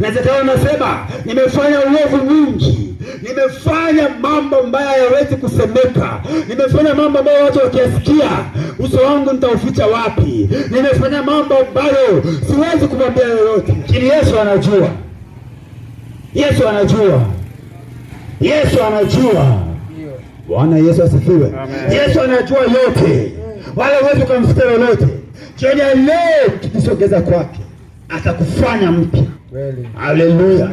na Zakayo anasema nimefanya uovu mwingi, nimefanya mambo ambayo hayawezi kusemeka, nimefanya mambo ambayo watu wakiasikia uso wangu nitauficha wapi? Nimefanya mambo ambayo siwezi kumwambia yoyote, lakini Yesu anajua, Yesu anajua, Yesu anajua. Bwana Yesu asifiwe. Yesu anajua yote, wala huwezi ukamfuta lolote. Jioni ya leo tukisogeza kwake atakufanya mpya. Haleluya!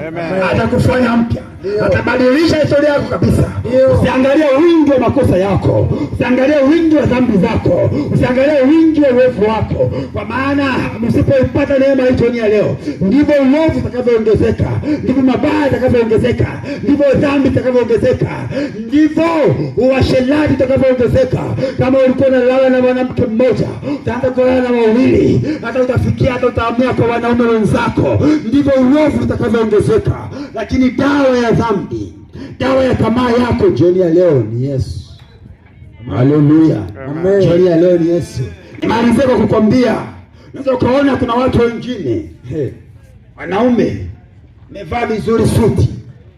Atakufanya mpya, atabadilisha historia yako kabisa. Usiangalie wingi wa makosa yako, usiangalie wingi wa dhambi zako, usiangalie wingi wa uovu wako, kwa maana msipoipata neema hii jioni ya leo, ndivyo uovu utakavyoongezeka, ndivyo mabaya yatakavyoongezeka, ndivyo dhambi itakavyoongezeka, ndivyo uasherati utakavyoongezeka. Kama ulikuwa unalala na mwanamke mmoja, utaanza kulala na wawili, hata utafikia, hata utaamua kwa wanaume wenzako, ndivyo ndivyo uovu utakavyoongezeka. Lakini dawa ya dhambi, dawa ya tamaa yako jioni ya leo ni Yesu. Haleluya, jioni ya leo ni Yesu. Nimalizia kwa kukwambia, unaweza ukaona kuna watu wengine wanaume amevaa vizuri suti,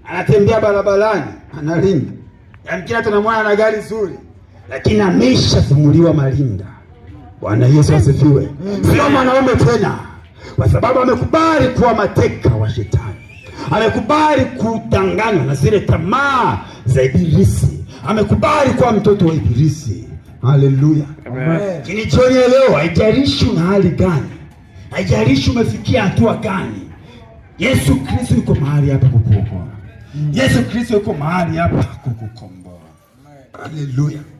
anatembea barabarani, analinda yamkini, hata mwana na gari zuri, lakini ameshafumuliwa malinda. Bwana Yesu asifiwe. Sio mwanaume tena kwa sababu amekubali kuwa mateka wa Shetani, amekubali kudanganywa na zile tamaa za Ibilisi, amekubali kuwa mtoto wa Ibilisi. Haleluya, amen. leo, haijalishi una hali gani, haijalishi umefikia hatua gani, Yesu Kristo yuko mahali hapa kukuokoa. Mm. Yesu Kristo yuko mahali hapa kukukomboa. Haleluya.